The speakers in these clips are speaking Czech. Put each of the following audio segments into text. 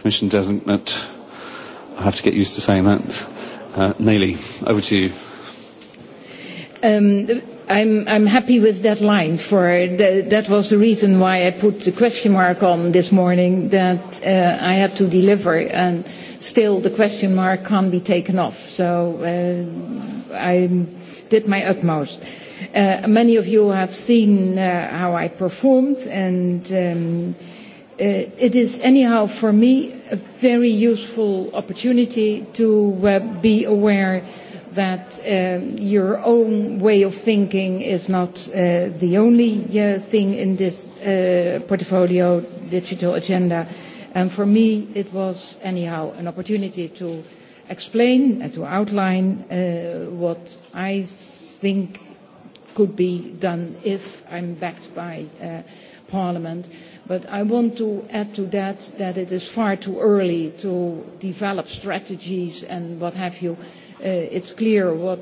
Commission designate, I have to get used to saying that, uh, Nayli, over to you. Um, I'm, I'm happy with that line. For the, that was the reason why I put the question mark on this morning that uh, I had to deliver, and still the question mark can't be taken off. So uh, I did my utmost. Uh, many of you have seen uh, how I performed, and. Um, Uh, it is anyhow for me a very useful opportunity to uh, be aware that um, your own way of thinking is not uh, the only uh, thing in this uh, portfolio digital agenda. And for me, it was anyhow an opportunity to explain and to outline uh, what I think could be done if I'm backed by uh, Parliament But I want to add to that that it is far too early to develop strategies and what have you. Uh, it's clear what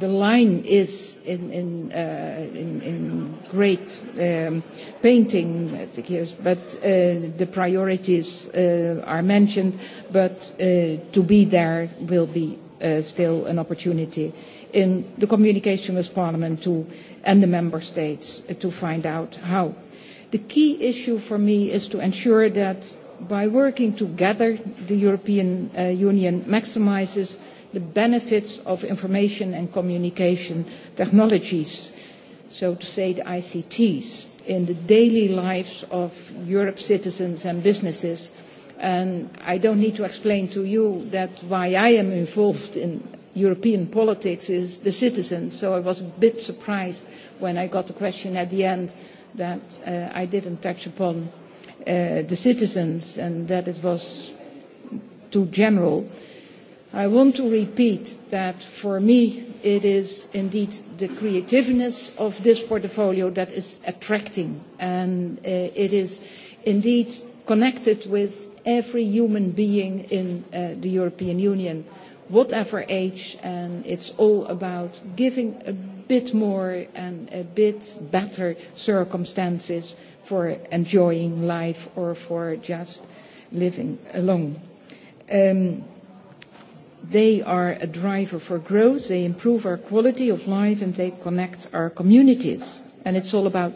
the line is in, in, uh, in, in great um, painting, but uh, the priorities uh, are mentioned, but uh, to be there will be uh, still an opportunity in the communication with Parliament to, and the Member States uh, to find out how. The key issue for me is to ensure that by working together, the European uh, Union maximizes the benefits of information and communication technologies, so to say the ICTs, in the daily lives of Europe's citizens and businesses. And I don't need to explain to you that why I am involved in European politics is the citizen, so I was a bit surprised when I got the question at the end that uh, I didn't touch upon uh, the citizens and that it was too general. I want to repeat that for me it is indeed the creativeness of this portfolio that is attracting and uh, it is indeed connected with every human being in uh, the European Union, whatever age, and it's all about giving a bit more and a bit better circumstances for enjoying life or for just living alone. Um, they are a driver for growth, they improve our quality of life, and they connect our communities. And it's all about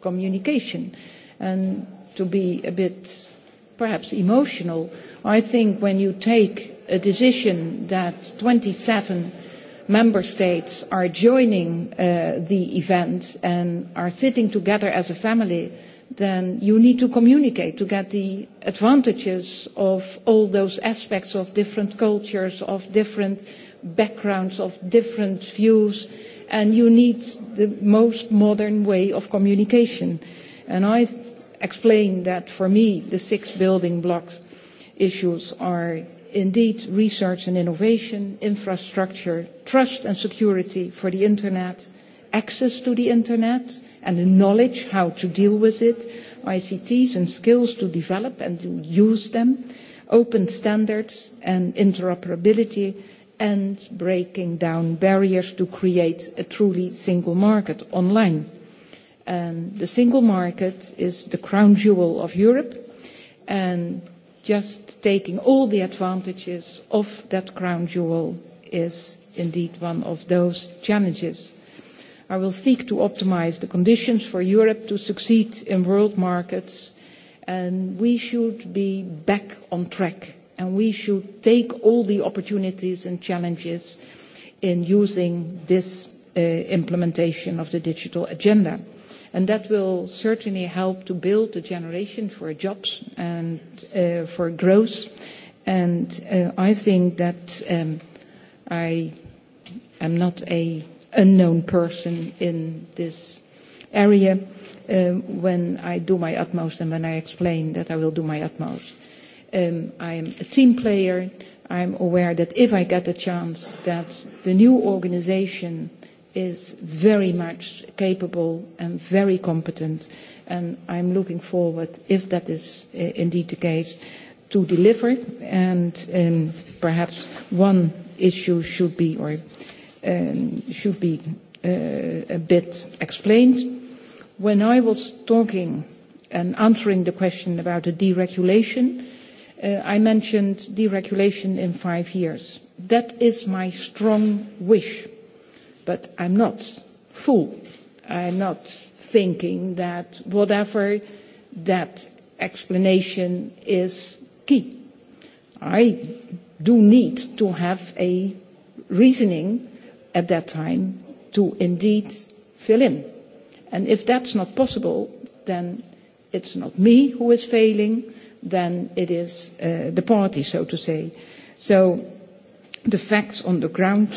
communication. And to be a bit perhaps emotional, I think when you take a decision that 27 member states are joining uh, the event and are sitting together as a family, then you need to communicate to get the advantages of all those aspects of different cultures, of different backgrounds, of different views, and you need the most modern way of communication. And I explained that for me, the six building blocks issues are indeed research and innovation, infrastructure, trust and security for the internet, access to the internet and the knowledge how to deal with it, ICTs and skills to develop and to use them, open standards and interoperability and breaking down barriers to create a truly single market online. And the single market is the crown jewel of Europe and just taking all the advantages of that crown jewel is indeed one of those challenges. I will seek to optimize the conditions for Europe to succeed in world markets, and we should be back on track, and we should take all the opportunities and challenges in using this uh, implementation of the digital agenda and that will certainly help to build a generation for jobs and uh, for growth. And uh, I think that um, I am not a unknown person in this area um, when I do my utmost and when I explain that I will do my utmost. Um, I am a team player. I'm aware that if I get the chance that the new organization is very much capable and very competent. And I'm looking forward, if that is uh, indeed the case, to deliver. And um, perhaps one issue should be, or um, should be uh, a bit explained. When I was talking and answering the question about the deregulation, uh, I mentioned deregulation in five years. That is my strong wish But I'm not fool. I'm not thinking that whatever that explanation is key. I do need to have a reasoning at that time to indeed fill in. And if that's not possible, then it's not me who is failing, then it is uh, the party, so to say. So the facts on the ground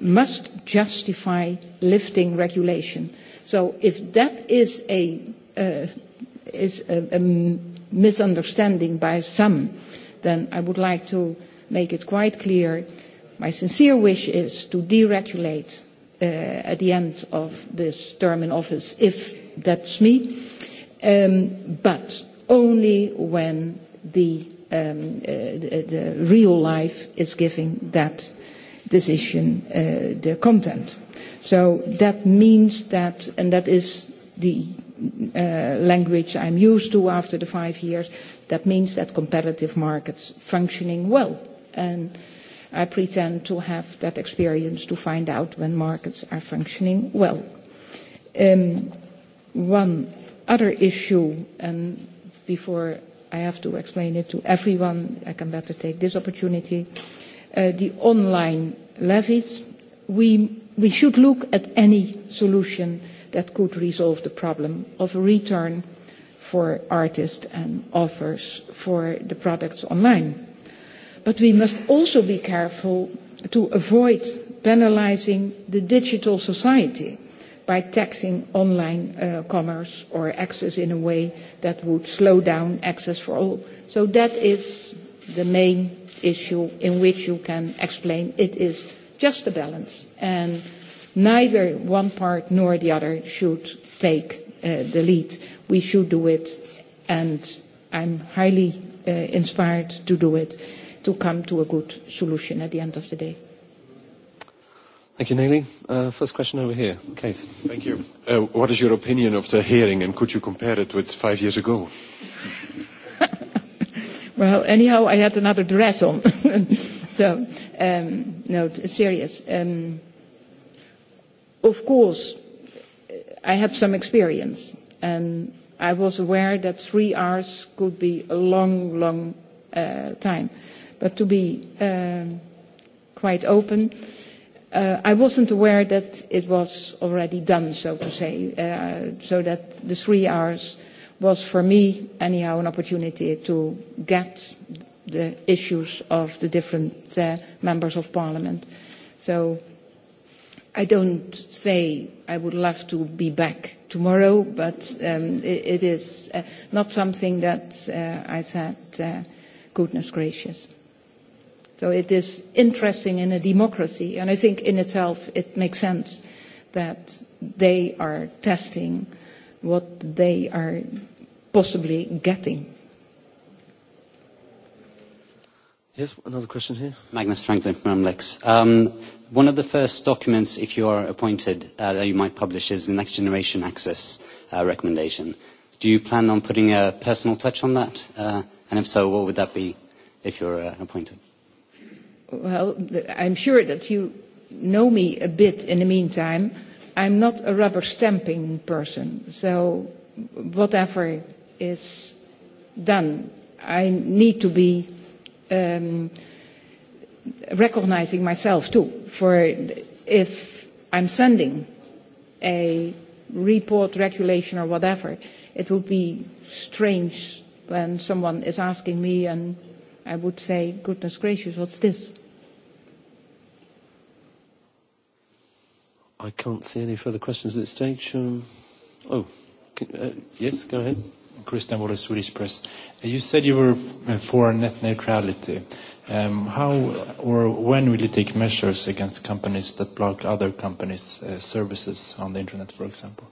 must justify lifting regulation. So if that is a, uh, is a, a misunderstanding by some, then I would like to make it quite clear my sincere wish is to deregulate uh, at the end of this term in office, if that's me, um, but only when the, um, uh, the, the real life is giving that decision uh, the content. So that means that, and that is the uh, language I'm used to after the five years, that means that competitive markets functioning well. And I pretend to have that experience to find out when markets are functioning well. Um, one other issue, and before I have to explain it to everyone, I can better take this opportunity. Uh, Uh, the online levies, we, we should look at any solution that could resolve the problem of a return for artists and authors for the products online. But we must also be careful to avoid penalizing the digital society by taxing online uh, commerce or access in a way that would slow down access for all. So that is the main issue in which you can explain it is just a balance. And neither one part nor the other should take uh, the lead. We should do it, and I'm highly uh, inspired to do it, to come to a good solution at the end of the day. Thank you, Nelly. Uh, first question over here, Case. Thank you. Uh, what is your opinion of the hearing, and could you compare it with five years ago? Well, anyhow, I had another dress on. so, um, no, serious. Um, of course, uh, I have some experience, and I was aware that three hours could be a long, long uh, time. But to be um, quite open, uh, I wasn't aware that it was already done, so to say, uh, so that the three hours – was for me anyhow an opportunity to get the issues of the different uh, members of parliament. So I don't say I would love to be back tomorrow, but um, it, it is uh, not something that uh, I said, uh, goodness gracious. So it is interesting in a democracy, and I think in itself it makes sense that they are testing uh, what they are possibly getting. Yes, another question here. Magnus Franklin from Amlex. Um, one of the first documents, if you are appointed, uh, that you might publish is the Next Generation Access uh, recommendation. Do you plan on putting a personal touch on that? Uh, and if so, what would that be if you're uh, appointed? Well, I'm sure that you know me a bit in the meantime Uh, I'm not a rubber stamping person, so whatever is done, I need to be um, recognizing myself too. For if I'm sending a report, regulation, or whatever, it would be strange when someone is asking me and I would say, goodness gracious, what's this? I can't see any further questions at this stage. Um, oh, can, uh, yes, go ahead. Christian Waller, Swedish Press. Uh, you said you were uh, for net neutrality. Um, how or when will you take measures against companies that block other companies' uh, services on the internet, for example?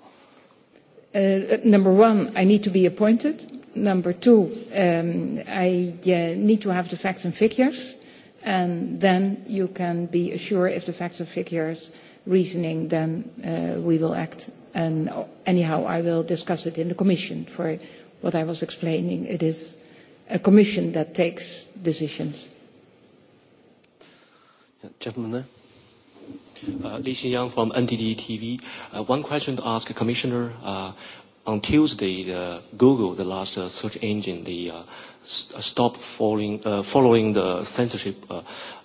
Uh, number one, I need to be appointed. Number two, um, I uh, need to have the facts and figures, and then you can be assured if the facts and figures reasoning, then uh, we will act. And anyhow, I will discuss it in the Commission. For what I was explaining, it is a Commission that takes decisions. Gentleman there. Uh, Li Xinyang from NDD TV. Uh, one question to ask Commissioner. Uh, on Tuesday, the Google, the last uh, search engine, the uh, uh stopped following, uh, following the censorship uh,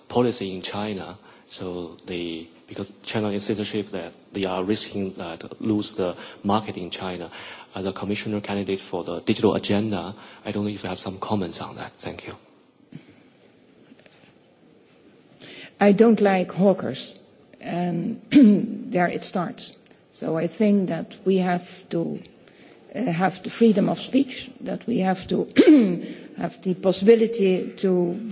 policy in China. So they, because China is censorship, that they are risking that lose the market in China. As a commissioner candidate for the digital agenda, I don't know if you have some comments on that. Thank you. I don't like hawkers, and there it starts. So I think that we have to uh, have the freedom of speech, that we have to have the possibility to